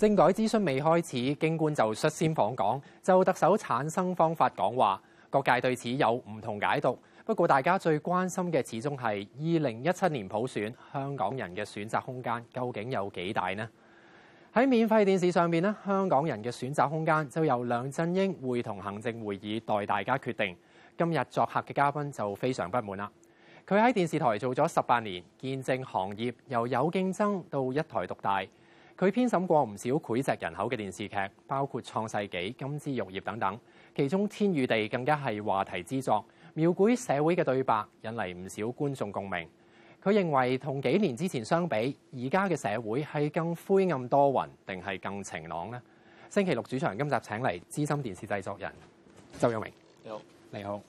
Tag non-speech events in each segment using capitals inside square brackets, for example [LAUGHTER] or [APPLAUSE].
政改諮詢未開始，京官就率先訪港，就特首產生方法講話，各界對此有唔同解讀。不過，大家最關心嘅始終係二零一七年普選，香港人嘅選擇空間究竟有幾大呢？喺免費電視上面，香港人嘅選擇空間就由梁振英會同行政會議代大家決定。今日作客嘅嘉賓就非常不滿啦。佢喺電視台做咗十八年，見證行業由有競爭到一台獨大。佢編審過唔少膾炙人口嘅電視劇，包括《創世紀》、《金枝慾孽》等等。其中《天與地》更加係話題之作，描繪社會嘅對白，引嚟唔少觀眾共鳴。佢認為同幾年之前相比，而家嘅社會係更灰暗多雲，定係更晴朗呢？星期六主場今集請嚟資深電視製作人周旭明。你好，你好。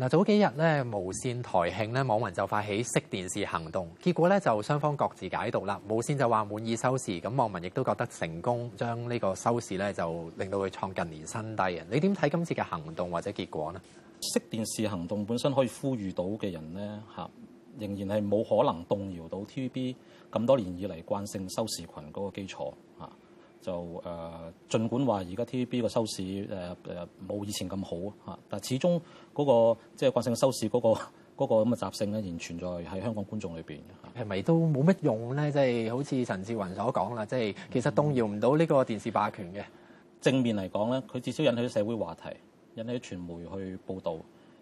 嗱，早幾日咧無線台慶咧，網民就發起熄電視行動，結果咧就雙方各自解讀啦。無線就話滿意收視，咁網民亦都覺得成功將呢個收視咧就令到佢創近年新低啊。你點睇今次嘅行動或者結果咧？熄電視行動本身可以呼籲到嘅人咧，嚇，仍然係冇可能動搖到 TVB 咁多年以嚟慣性收視群嗰個基礎嚇。就誒、啊，儘管話而家 T V B 個收視誒誒冇以前咁好嚇、啊，但始終嗰、那個即係、就是、慣性收視嗰、那個咁嘅習性咧，仍存在喺香港觀眾裏邊。係、啊、咪都冇乜用咧？即、就、係、是、好似陳志雲所講啦，即、就、係、是、其實動搖唔到呢個電視霸權嘅、嗯、正面嚟講咧，佢至少引起咗社會話題，引起咗傳媒去報導，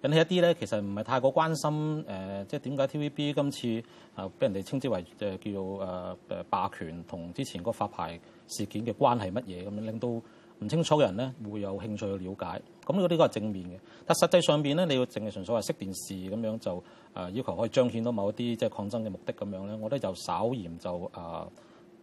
引起一啲咧其實唔係太過關心誒，即係點解 T V B 今次啊俾人哋稱之為誒叫誒誒、啊、霸權同之前嗰個發牌事件嘅關係乜嘢咁樣令到唔清楚嘅人咧，會有興趣去了解，咁呢個呢個係正面嘅。但實際上邊咧，你要淨係純粹係熄電視，咁樣就誒要求可以彰顯到某一啲即係抗爭嘅目的咁樣咧，我覺得就稍嫌就誒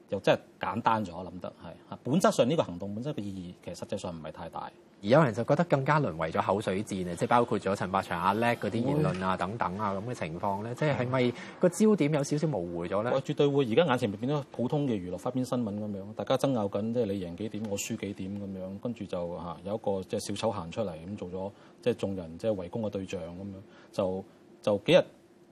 又真係簡單咗，我諗得係，啊。本質上呢個行動本身嘅意義其實實際上唔係太大。有人就覺得更加淪為咗口水戰啊！即係包括咗陳百祥阿叻嗰啲言論啊、等等啊咁嘅情況咧，即係係咪個焦點有少少模糊咗咧？我絕對會！而家眼前咪變咗普通嘅娛樂花邊新聞咁樣，大家爭拗緊，即係你贏幾點，我輸幾點咁樣，跟住就嚇有一個即係小丑行出嚟咁做咗即係眾人即係圍攻嘅對象咁樣，就就幾日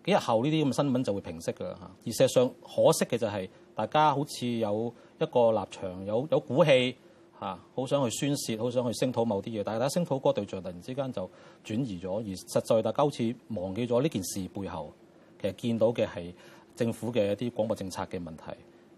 幾日後呢啲咁嘅新聞就會平息噶啦嚇。而事實上可惜嘅就係大家好似有一個立場，有有骨氣。啊，好想去宣泄，好想去聲討某啲嘢，但係大家聲討嗰個對象突然之間就轉移咗，而實在大家好似忘記咗呢件事背後，其實見到嘅係政府嘅一啲廣播政策嘅問題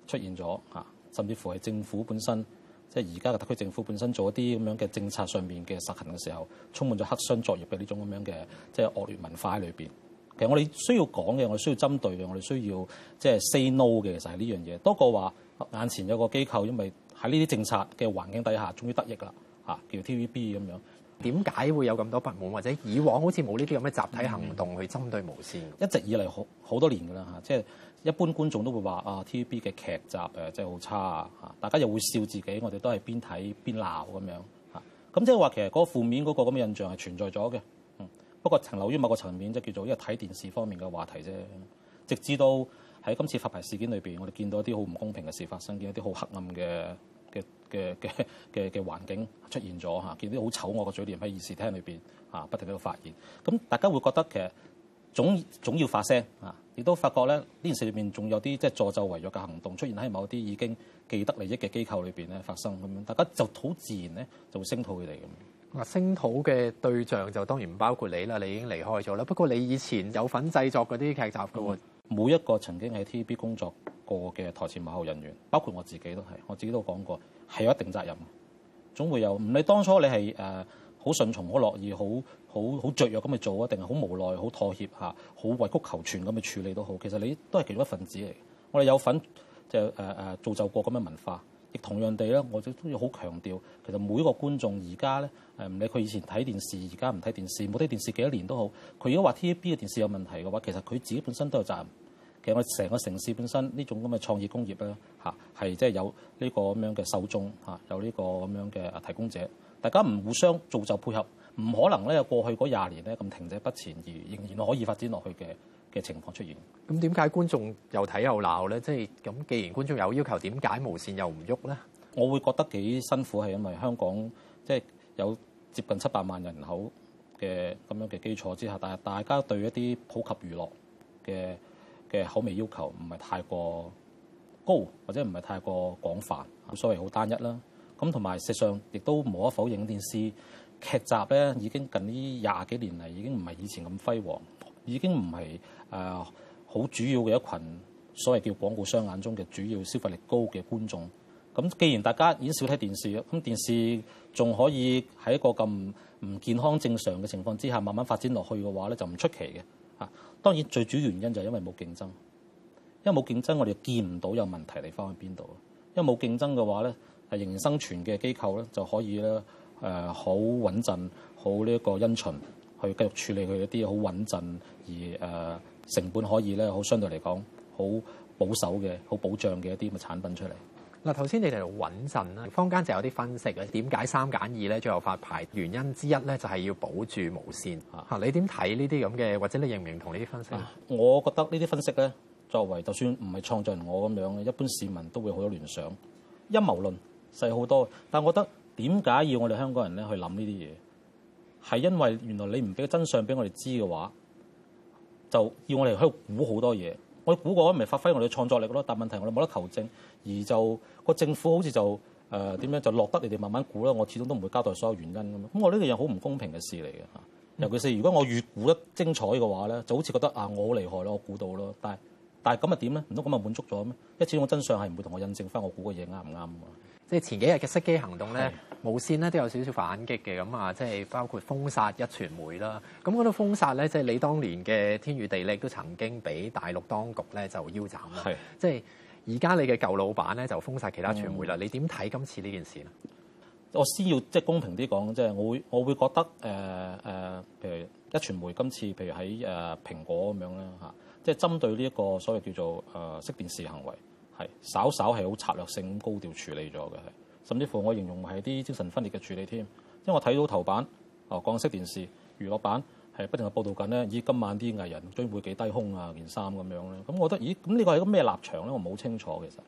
出現咗，啊，甚至乎係政府本身，即係而家嘅特區政府本身做一啲咁樣嘅政策上面嘅實行嘅時候，充滿咗黑箱作業嘅呢種咁樣嘅即係惡劣文化喺裏邊。其實我哋需要講嘅，我哋需要針對嘅，我哋需要即係 say no 嘅，其實係呢樣嘢，多過話眼前有個機構因為。喺呢啲政策嘅環境底下，終於得益啦嚇，叫 TVB 咁樣，嗯，點解會有咁多不滿，或者以往好似冇呢啲咁嘅集體行動去針對無線？一直以嚟好好多年噶啦嚇，即係一般觀眾都會話啊 TVB 嘅劇集誒，即係好差嚇。大家又會笑自己，我哋都係邊睇邊鬧咁樣嚇。咁即係話其實嗰個負面嗰個咁嘅印象係存在咗嘅。嗯，不過停留於某個層面，即係叫做因為睇電視方面嘅話題啫。直至到。喺今次發牌事件裏邊，我哋見到一啲好唔公平嘅事發生，見一啲好黑暗嘅嘅嘅嘅嘅嘅環境出現咗嚇，見啲好醜惡嘅嘴臉喺議事廳裏邊嚇，不停喺度發言。咁大家會覺得其實總總要發聲啊！亦都發覺咧，呢件事裏邊仲有啲即係助紂為虐嘅行動出現喺某啲已經既得利益嘅機構裏邊咧發生咁樣，大家就好自然咧就會聲討佢哋咁。嗱，聲討嘅對象就當然唔包括你啦，你已經離開咗啦。不過你以前有份製作嗰啲劇集嘅、嗯每一個曾經喺 TVB 工作過嘅台前幕後人員，包括我自己都係，我自己都講過，係有一定責任，總會有唔理當初你係誒好順從、好樂意、好好好雀躍咁去做啊，定係好無奈、好妥協吓、好委曲求全咁去處理都好，其實你都係其中一份子嚟，我哋有份就誒誒、呃、造就過咁嘅文化。同樣地咧，我最都要好強調，其實每個觀眾而家咧，誒唔理佢以前睇電視，而家唔睇電視，冇睇電視幾多年都好，佢如果話 TVB 嘅電視有問題嘅話，其實佢自己本身都有責任。其實我成個城市本身呢種咁嘅創意工業咧，嚇係即係有呢個咁樣嘅受眾嚇，有呢個咁樣嘅提供者，大家唔互相造就配合，唔可能咧過去嗰廿年咧咁停滯不前而仍然可以發展落去嘅。嘅情況出現，咁點解觀眾又睇又鬧咧？即係咁，既然觀眾有要求，點解無線又唔喐咧？我會覺得幾辛苦，係因為香港即係、就是、有接近七百萬人口嘅咁樣嘅基礎之下，但係大家對一啲普及娛樂嘅嘅口味要求唔係太過高，或者唔係太過廣泛，所謂好單一啦。咁同埋，事實上亦都冇可否認，電視劇集咧已經近呢廿幾年嚟已經唔係以前咁輝煌。已經唔係誒好主要嘅一群，所謂叫廣告商眼中嘅主要消費力高嘅觀眾。咁既然大家已經少睇電視，咁電視仲可以喺一個咁唔健康正常嘅情況之下，慢慢發展落去嘅話咧，就唔出奇嘅。嚇，當然最主要原因就係因為冇競爭，因為冇競爭，我哋見唔到有問題嚟翻去邊度。因為冇競爭嘅話咧，係仍然生存嘅機構咧，就可以咧誒好穩陣，好呢一個因循，去繼續處理佢一啲好穩陣而誒成本可以咧，好相對嚟講好保守嘅、好保障嘅一啲嘅產品出嚟。嗱，頭先你哋話穩陣啦，坊間就有啲分析，嘅。點解三揀二咧最後發牌？原因之一咧就係要保住無線嚇、啊。你點睇呢啲咁嘅？或者你認唔認同呢啲分析、啊？我覺得呢啲分析咧，作為就算唔係創作人我咁樣，一般市民都會好多聯想陰謀論細好多。但係我覺得點解要我哋香港人咧去諗呢啲嘢？係因為原來你唔俾個真相俾我哋知嘅話，就要我哋喺度估好多嘢。我估唔咪發揮我哋創作力咯。但問題我哋冇得求證，而就個政府好似就誒點樣就落得你哋慢慢估啦。我始終都唔會交代所有原因噶嘛。咁我呢個嘢好唔公平嘅事嚟嘅嚇。尤其是如果我越估得精彩嘅話咧，就好似覺得啊我好厲害咯，我估到咯。但係但係咁咪點咧？唔通咁咪滿足咗咩？一始終真相係唔會同我印證翻我估嘅嘢啱唔啱。即係前幾日嘅熄機行動咧，無線咧都有少少反擊嘅咁啊！即係包括封殺壹傳媒啦。咁嗰度封殺咧，即係你當年嘅天與地力都曾經俾大陸當局咧就腰斬啦。即係而家你嘅舊老闆咧就封殺其他傳媒啦。嗯、你點睇今次呢件事咧？我先要即係公平啲講，即係我會我會覺得誒誒、呃，譬如壹傳媒今次譬如喺誒蘋果咁樣啦嚇，即係針對呢一個所謂叫做誒熄、呃、電視行為。係，稍稍係好策略性咁高調處理咗嘅係，甚至乎我形容係啲精神分裂嘅處理添，因為我睇到頭版，哦，港式電視娛樂版係不斷嘅報道緊咧，咦，今晚啲藝人將會幾低胸啊，件衫咁樣咧，咁我覺得，咦，咁呢個係一個咩立場咧？我唔好清楚其實，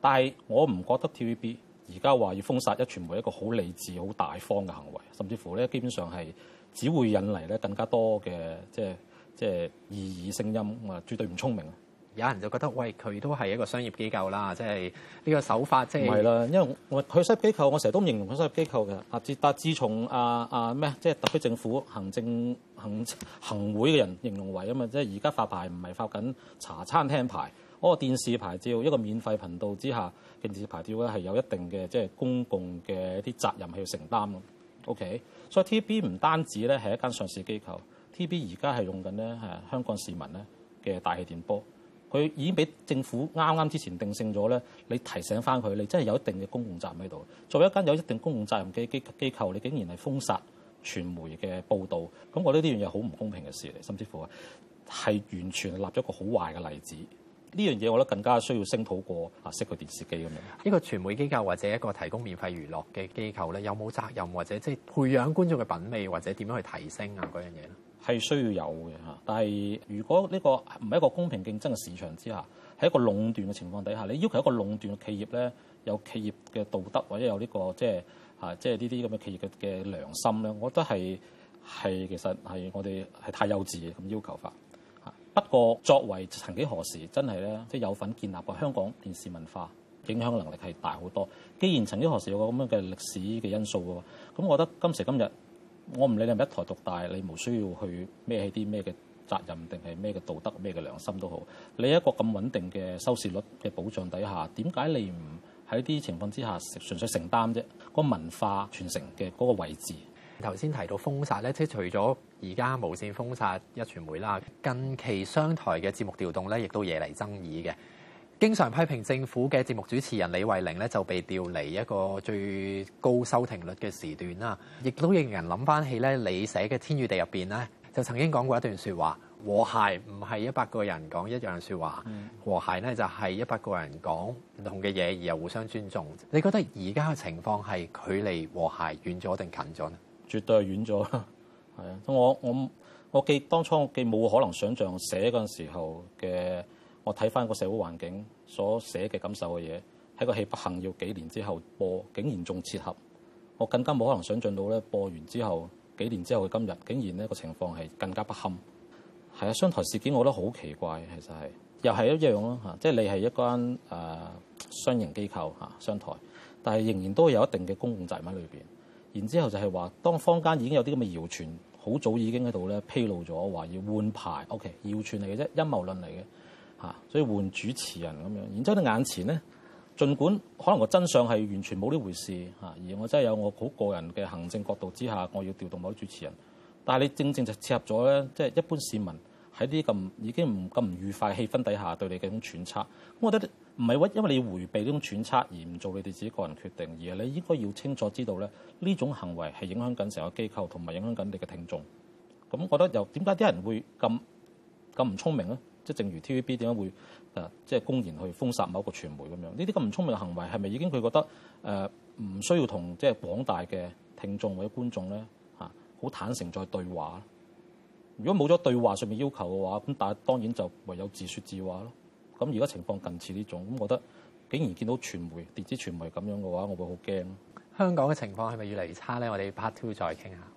但係我唔覺得 TVB 而家話要封殺壹傳媒係一個好理智、好大方嘅行為，甚至乎咧，基本上係只會引嚟咧更加多嘅即係即係異議聲音，啊，絕對唔聰明。有人就覺得，喂，佢都係一個商業機構啦，即係呢個手法即係唔係啦。因為我佢商業機構，我成日都唔形容佢商業機構嘅。啊，自但自從啊啊咩，即係特區政府行政行行會嘅人形容為啊嘛，即係而家發牌唔係發緊茶餐廳牌，我、個電視牌照一個免費頻道之下，電視牌照咧係有一定嘅即係公共嘅一啲責任係要承擔嘅。OK，所以 T B 唔單止咧係一間上市機構，T B 而家係用緊咧係香港市民咧嘅大氣電波。佢已經俾政府啱啱之前定性咗咧，你提醒翻佢，你真係有一定嘅公共責任喺度。作為一間有一定公共責任嘅機機構，你竟然係封殺傳媒嘅報導，咁我覺得呢樣嘢好唔公平嘅事嚟，甚至乎係完全立咗一個好壞嘅例子。呢樣嘢我覺得更加需要聲討過啊，熄個電視機咁樣。呢個傳媒機構或者一個提供免費娛樂嘅機構咧，有冇責任或者即係培養觀眾嘅品味或者點樣去提升啊嗰樣嘢咧？係需要有嘅嚇，但係如果呢個唔係一個公平競爭嘅市場之下，喺一個壟斷嘅情況底下，你要求一個壟斷嘅企業咧，有企業嘅道德或者有呢個即係嚇即係呢啲咁嘅企業嘅嘅良心咧，我覺得係係其實係我哋係太幼稚嘅咁要求法嚇。不過作為曾幾何時真係咧，即係有份建立過香港電視文化，影響能力係大好多。既然曾幾何時有個咁樣嘅歷史嘅因素喎，咁我覺得今時今日。我唔理你係咪一台獨大，你無需要去孭起啲咩嘅責任，定係咩嘅道德、咩嘅良心都好。你一個咁穩定嘅收視率嘅保障底下，點解你唔喺啲情況之下純粹承擔啫？個文化傳承嘅嗰個位置。頭先提到封殺咧，即係除咗而家無線封殺一傳媒啦，近期商台嘅節目調動咧，亦都惹嚟爭議嘅。經常批評政府嘅節目主持人李慧玲咧，就被調離一個最高收聽率嘅時段啦，亦都令人諗翻起咧你寫嘅《天與地》入邊咧就曾經講過一段説話：和諧唔係一百個人講一樣説話、嗯，和諧咧就係一百個人講唔同嘅嘢，而又互相尊重。你覺得而家嘅情況係距離和諧遠咗定近咗咧？絕對係遠咗啦。係啊，我我我記當初我記冇可能想象寫嗰陣時候嘅。我睇翻個社會環境所寫嘅感受嘅嘢，喺個戲不幸要幾年之後播，竟然仲切合，我更加冇可能想像到咧播完之後幾年之後嘅今日，竟然呢個情況係更加不堪。係啊，商台事件，我覺得好奇怪，其實係又係一樣咯嚇，即係你係一間誒、呃、商營機構嚇商台，但係仍然都有一定嘅公共責任喺裏邊。然之後就係話，當坊間已經有啲咁嘅謠傳，好早已經喺度咧披露咗話要換牌。O.K. 謠傳嚟嘅啫，陰謀論嚟嘅。嚇！所以換主持人咁樣，然之後喺眼前咧，儘管可能個真相係完全冇呢回事嚇，而我真係有我好個人嘅行政角度之下，我要調動某啲主持人，但係你正正就切合咗咧，即係一般市民喺啲咁已經唔咁唔愉快氣氛底下對你嘅一種揣測。我覺得唔係因為你要迴避呢種揣測而唔做你哋自己個人決定，而係你應該要清楚知道咧，呢種行為係影響緊成個機構，同埋影響緊你嘅聽眾。咁我覺得又點解啲人會咁咁唔聰明咧？即係正如 TVB 點解會誒，即係公然去封殺某一個傳媒咁樣，呢啲咁唔聰明嘅行為係咪已經佢覺得誒唔需要同即係廣大嘅聽眾或者觀眾咧吓好坦誠在對話？如果冇咗對話上面要求嘅話，咁但係當然就唯有自說自話咯。咁而家情況近似呢種，咁我覺得竟然見到傳媒、電子傳媒咁樣嘅話我會好驚。香港嘅情況係咪越嚟越差咧？我哋 part two 再傾下。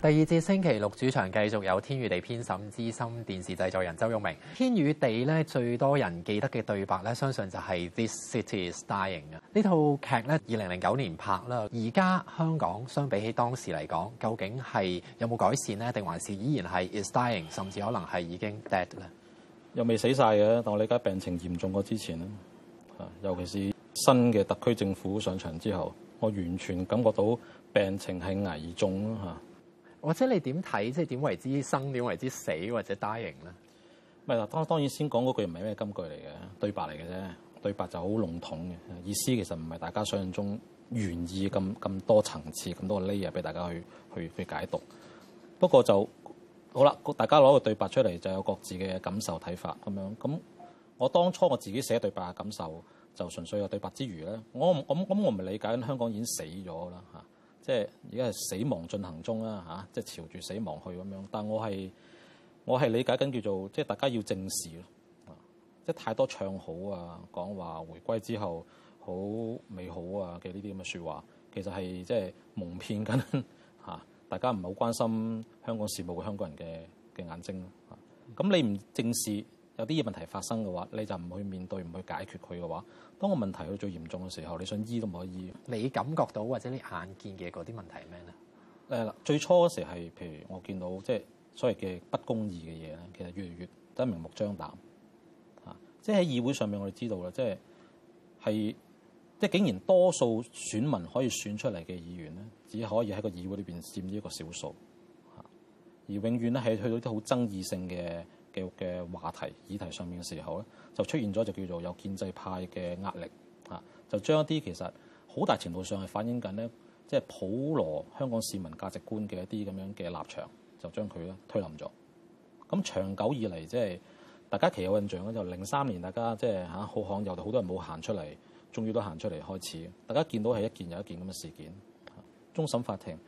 第二節星期六主場繼續有《天與地》編審、資深電視製作人周旭明。《天與地》咧最多人記得嘅對白咧，相信就係、是、This city is dying 啊！呢套劇咧，二零零九年拍啦。而家香港相比起當時嚟講，究竟係有冇改善咧？定還是依然係 is dying，甚至可能係已經 dead 咧？又未死晒嘅，但我理解病情嚴重過之前，尤其是新嘅特區政府上場之後，我完全感覺到病情係危重咯嚇。或者你點睇，即係點為之生，點為之死，或者 dying 咧？咪啦，當當然先講嗰句唔係咩金句嚟嘅，對白嚟嘅啫。對白就好籠統嘅意思，其實唔係大家想象中願意咁咁多層次、咁多個 layer 俾大家去去去解讀。不過就好啦，大家攞個對白出嚟就有各自嘅感受睇法咁樣。咁我當初我自己寫對白嘅感受，就純粹有對白之餘咧，我唔咁我唔理解香港已經死咗啦吓即係而家係死亡進行中啦，嚇！即係朝住死亡去咁樣，但我係我係理解緊叫做即係大家要正視咯，即係太多唱好啊、講話回歸之後好美好啊嘅呢啲咁嘅説話，其實係即係蒙騙緊嚇大家唔係好關心香港事務嘅香港人嘅嘅眼睛啦。咁你唔正視？有啲嘢問題發生嘅話，你就唔去面對，唔去解決佢嘅話，當個問題去最嚴重嘅時候，你想醫都唔可以醫。你感覺到或者你眼見嘅嗰啲問題係咩咧？誒啦，最初嗰時係譬如我見到即係所謂嘅不公義嘅嘢咧，其實越嚟越真明目張膽。嚇！即係喺議會上面，我哋知道啦，即係係即係竟然多數選民可以選出嚟嘅議員咧，只可以喺個議會裏邊佔呢一個少數。嚇！而永遠咧係去到啲好爭議性嘅。教嘅話題、議題上面嘅時候咧，就出現咗就叫做有建制派嘅壓力，嚇就將一啲其實好大程度上係反映緊咧，即係普羅香港市民價值觀嘅一啲咁樣嘅立場，就將佢咧推冧咗。咁長久以嚟，即係大家其實有印象咧，就零三年大家即係嚇好罕有，遊，好多人冇行出嚟，終於都行出嚟開始。大家見到係一件又一件咁嘅事件，終審法庭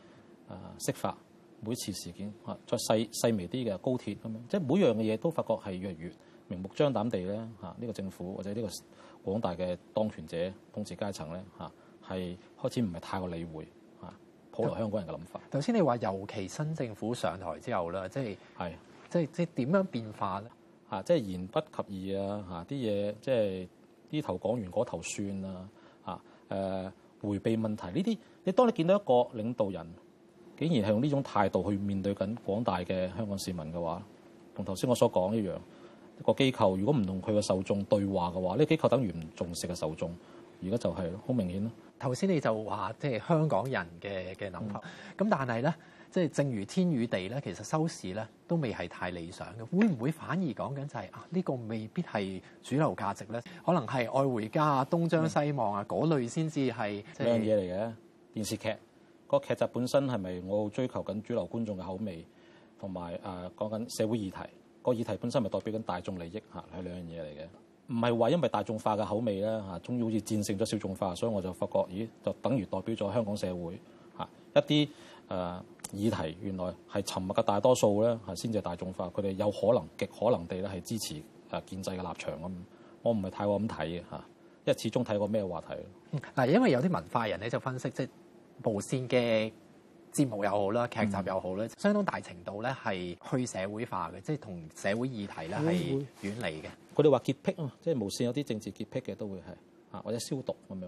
啊釋法。每次事件嚇，再細細微啲嘅高鐵咁樣，即係每樣嘅嘢都發覺係越嚟越明目張膽地咧嚇，呢個政府或者呢個廣大嘅當權者、統治階層咧嚇，係開始唔係太過理會嚇，普羅香港人嘅諗法。頭先你話，尤其新政府上台之後啦，即係係即係即係點樣變化咧嚇，即係言不及義啊嚇，啲嘢即係呢頭講完嗰頭算啊嚇，誒迴避問題呢啲，你當你見到一個領導人，竟然係用呢種態度去面對緊廣大嘅香港市民嘅話，同頭先我所講一樣。一個機構如果唔同佢嘅受眾對話嘅話，呢、這個、機構等於唔重視嘅受眾。而家就係咯，好明顯咯。頭先你說就話即係香港人嘅嘅諗法，咁、嗯、但係咧，即、就、係、是、正如天與地咧，其實收視咧都未係太理想嘅。會唔會反而講緊就係、是、啊？呢、這個未必係主流價值咧，可能係愛回家啊、東張西望啊嗰、嗯、類先至係一樣嘢嚟嘅電視劇。個劇集本身係咪我追求緊主流觀眾嘅口味，同埋誒講緊社會議題，個議題本身咪代表緊大眾利益嚇，係兩樣嘢嚟嘅。唔係話因為大眾化嘅口味咧嚇，終於好似戰勝咗小眾化，所以我就發覺，咦，就等於代表咗香港社會嚇一啲誒、呃、議題，原來係沉默嘅大多數咧嚇先至大眾化，佢哋有可能極可能地咧係支持誒建制嘅立場咁。我唔係太過咁睇嘅嚇，因為始終睇過咩話題。嗱，因為有啲文化人咧就分析即無線嘅節目又好啦，劇集又好啦，嗯、相當大程度咧係去社會化嘅，即係同社會議題咧係遠離嘅。佢哋話潔癖啊，即係無線有啲政治潔癖嘅都會係啊，或者消毒咁樣誒、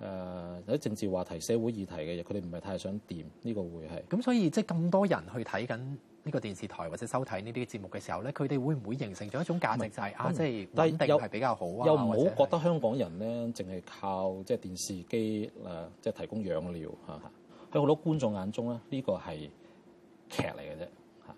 呃，有啲政治話題、社會議題嘅嘢，佢哋唔係太想掂呢、呢個會係。咁所以即係咁多人去睇緊。呢、這個電視台或者收睇呢啲節目嘅時候咧，佢哋會唔會形成咗一種價值，就係啊，即係穩定係比較好啊？又唔好覺得香港人咧，淨係靠即係、就是、電視機誒，即、呃、係、就是、提供養料嚇。喺、啊、好多觀眾眼中咧，呢、這個係劇嚟嘅啫嚇。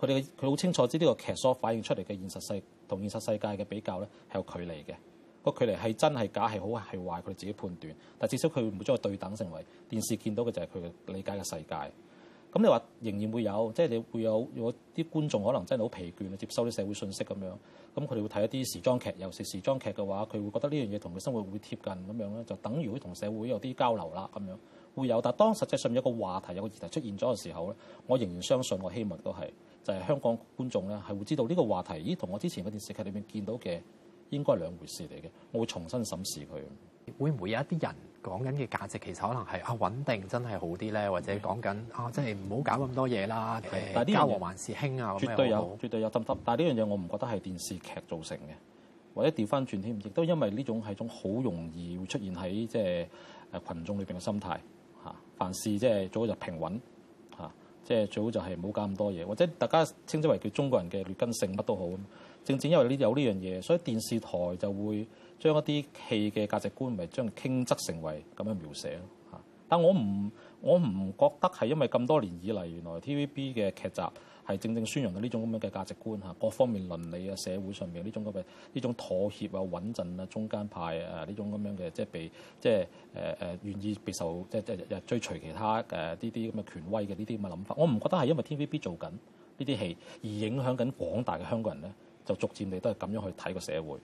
佢哋佢好清楚知呢個劇所反映出嚟嘅現實世同現實世界嘅比較咧，係有距離嘅。個距離係真係假係好係壞，佢哋自己判斷。但至少佢唔會將佢對等成為電視見到嘅就係佢理解嘅世界。咁你話仍然會有，即係你會有，如果啲觀眾可能真係好疲倦接收啲社會信息咁樣，咁佢哋會睇一啲時裝劇，尤其是時裝劇嘅話，佢會覺得呢樣嘢同佢生活會貼近咁樣咧，就等於會同社會有啲交流啦咁樣，會有。但當實際上面有一有個話題，有一個議題出現咗嘅時候咧，我仍然相信，我希望都係，就係香港觀眾咧係會知道呢個話題，咦同我之前嘅電視劇裏面見到嘅應該係兩回事嚟嘅，我會重新審視佢。會唔會有一啲人講緊嘅價值，其實可能係啊穩定真係好啲咧，或者講緊啊，即係唔好搞咁多嘢啦，誒交和還是興啊，我覺得係好。絕對有，絕對有噉噉，但係呢樣嘢我唔覺得係電視劇造成嘅，或者調翻轉添，亦都因為呢種係種好容易會出現喺即係誒羣眾裏邊嘅心態嚇。凡事即係最好就平穩嚇，即係最好就係唔好搞咁多嘢，或者大家稱之為叫中國人嘅劣根性乜都好。正正因為呢有呢樣嘢，所以電視台就會。將一啲戲嘅價值觀，咪將傾側成為咁樣描寫咯嚇。但我唔，我唔覺得係因為咁多年以嚟，原來 TVB 嘅劇集係正正宣揚嘅呢種咁樣嘅價值觀嚇，各方面倫理啊、社會上面呢種咁嘅呢種妥協啊、穩陣啊、中間派啊呢種咁樣嘅，即係被即係誒誒願意被受即即日追隨其他誒呢啲咁嘅權威嘅呢啲咁嘅諗法。我唔覺得係因為 TVB 做緊呢啲戲而影響緊廣大嘅香港人咧，就逐漸地都係咁樣去睇個社會。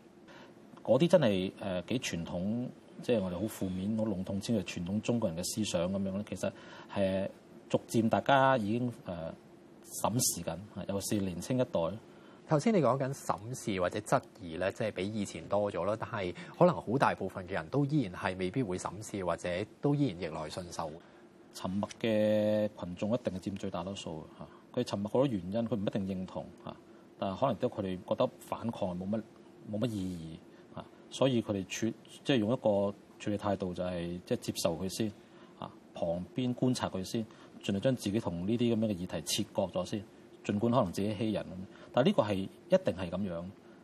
嗰啲真係誒、呃、幾傳統，即係我哋好負面、好籠統之類傳統中國人嘅思想咁樣咧。其實，係逐漸大家已經誒、呃、審視緊，尤其是年青一代。頭先你講緊審視或者質疑咧，即係比以前多咗啦，但係可能好大部分嘅人都依然係未必會審視或者都依然逆來順受。沉默嘅群眾一定係佔最大多數嚇。佢沉默好多原因，佢唔一定認同嚇，但係可能都佢哋覺得反抗冇乜冇乜意義。所以佢哋處即係用一個處理態度、就是，就係即係接受佢先啊，旁邊觀察佢先，盡量將自己同呢啲咁樣嘅議題切割咗先。儘管可能自己欺人，但係呢個係一定係咁樣。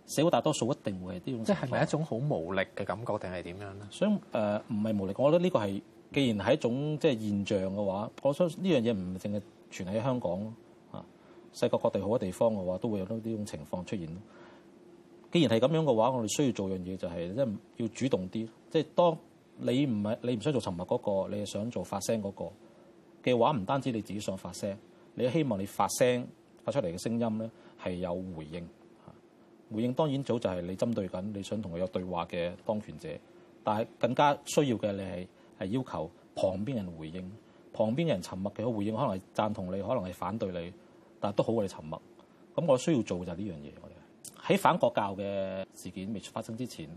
社會大多數一定會係呢種。即係係咪一種好無力嘅感覺定係點樣咧？所以誒，唔、呃、係無力。我覺得呢個係，既然係一種即係現象嘅話，我相信呢樣嘢唔淨係存喺香港啊，世界各地好多地方嘅話都會有呢種情況出現。既然係咁樣嘅話，我哋需要做樣嘢就係即係要主動啲。即係當你唔係你唔想做沉默嗰個，你係想做發聲嗰個嘅話，唔單止你自己想發聲，你希望你發聲發出嚟嘅聲音咧係有回應吓回應當然早就係你針對緊你想同佢有對話嘅當權者，但係更加需要嘅你係係要求旁邊人回應，旁邊人沉默嘅回應可能係贊同你，可能係反對你，但係都好過你沉默。咁我需要做就係呢樣嘢。喺反國教嘅事件未發生之前，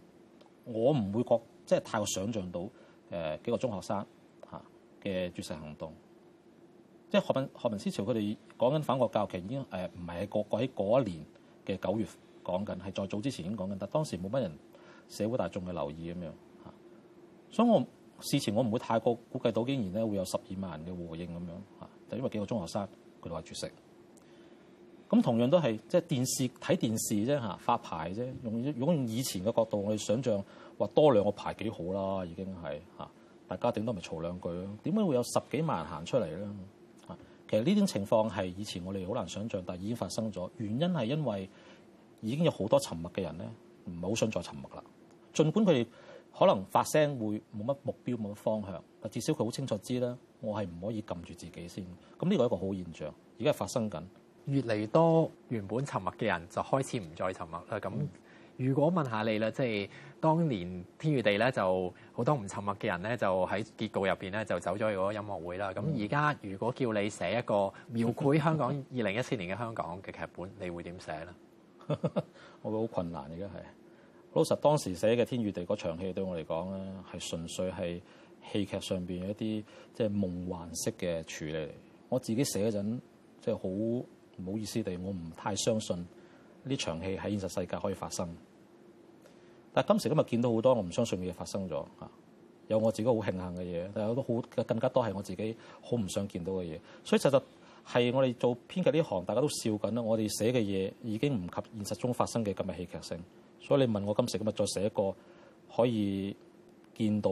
我唔會覺即係太過想象到誒幾個中學生嚇嘅絕食行動。即係學民學民思潮，佢哋講緊反國教其實已經誒唔係喺嗰嗰喺嗰一年嘅九月講緊，係再早之前已經講緊，但當時冇乜人社會大眾嘅留意咁樣嚇。所以我事前，我唔會太過估計到竟然咧會有十二萬人嘅和應咁樣嚇，就因為幾個中學生佢哋話絕食。咁同樣都係即係電視睇電視啫嚇，發牌啫。用用以前嘅角度，我哋想象話多兩個牌幾好啦，已經係嚇。大家頂多咪嘈兩句咯。點解會有十幾萬人行出嚟咧？嚇，其實呢種情況係以前我哋好難想象，但係已經發生咗。原因係因為已經有好多沉默嘅人咧，唔係好想再沉默啦。儘管佢哋可能發聲會冇乜目標、冇乜方向，但至少佢好清楚知啦，我係唔可以撳住自己先。咁呢個係一個好現象，而家發生緊。越嚟越多原本沉默嘅人就開始唔再沉默啦。咁如果問下你啦，即係當年《天與地》咧，就好多唔沉默嘅人咧，就喺結局入邊咧就走咗去個音樂會啦。咁而家如果叫你寫一個描繪香港二零一四年嘅香港嘅劇本，你會點寫咧？ [LAUGHS] 我會好困難。而家係老實，當時寫嘅《天與地》嗰場戲對我嚟講咧，係純粹係戲劇上邊一啲即係夢幻式嘅處理，我自己寫嗰陣即係好。就是唔好意思哋，我唔太相信呢場戲喺現實世界可以發生。但係今時今日見到好多我唔相信嘅嘢發生咗啊，有我自己好慶幸嘅嘢，但係好多好更加多係我自己好唔想見到嘅嘢。所以實實係我哋做編劇呢行，大家都笑緊啦。我哋寫嘅嘢已經唔及現實中發生嘅咁嘅戲劇性。所以你問我今時今日再寫一個可以見到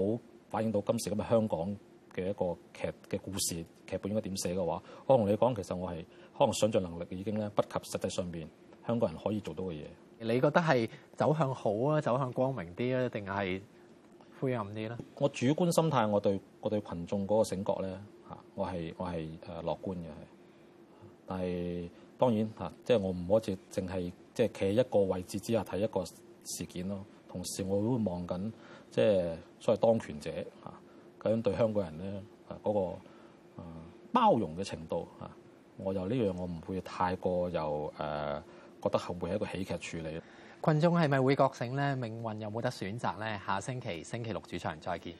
反映到今時今日香港嘅一個劇嘅故事劇本應該點寫嘅話，我同你講，其實我係。可能想像能力已經咧不及實際上邊香港人可以做到嘅嘢。你覺得係走向好啊，走向光明啲啊，定係灰暗啲咧？我主觀心態，我對我對群眾嗰個醒覺咧嚇，我係我係誒樂觀嘅。但係當然嚇，即係我唔可以淨係即係企喺一個位置之下睇一個事件咯。同時我會望緊即係所謂當權者嚇咁樣對香港人咧啊嗰個啊包容嘅程度嚇。我又呢樣，我唔會太過又誒覺得後悔，係一個喜劇處理。群眾係咪會覺醒呢？命運有冇得選擇呢？下星期星期六主場再見。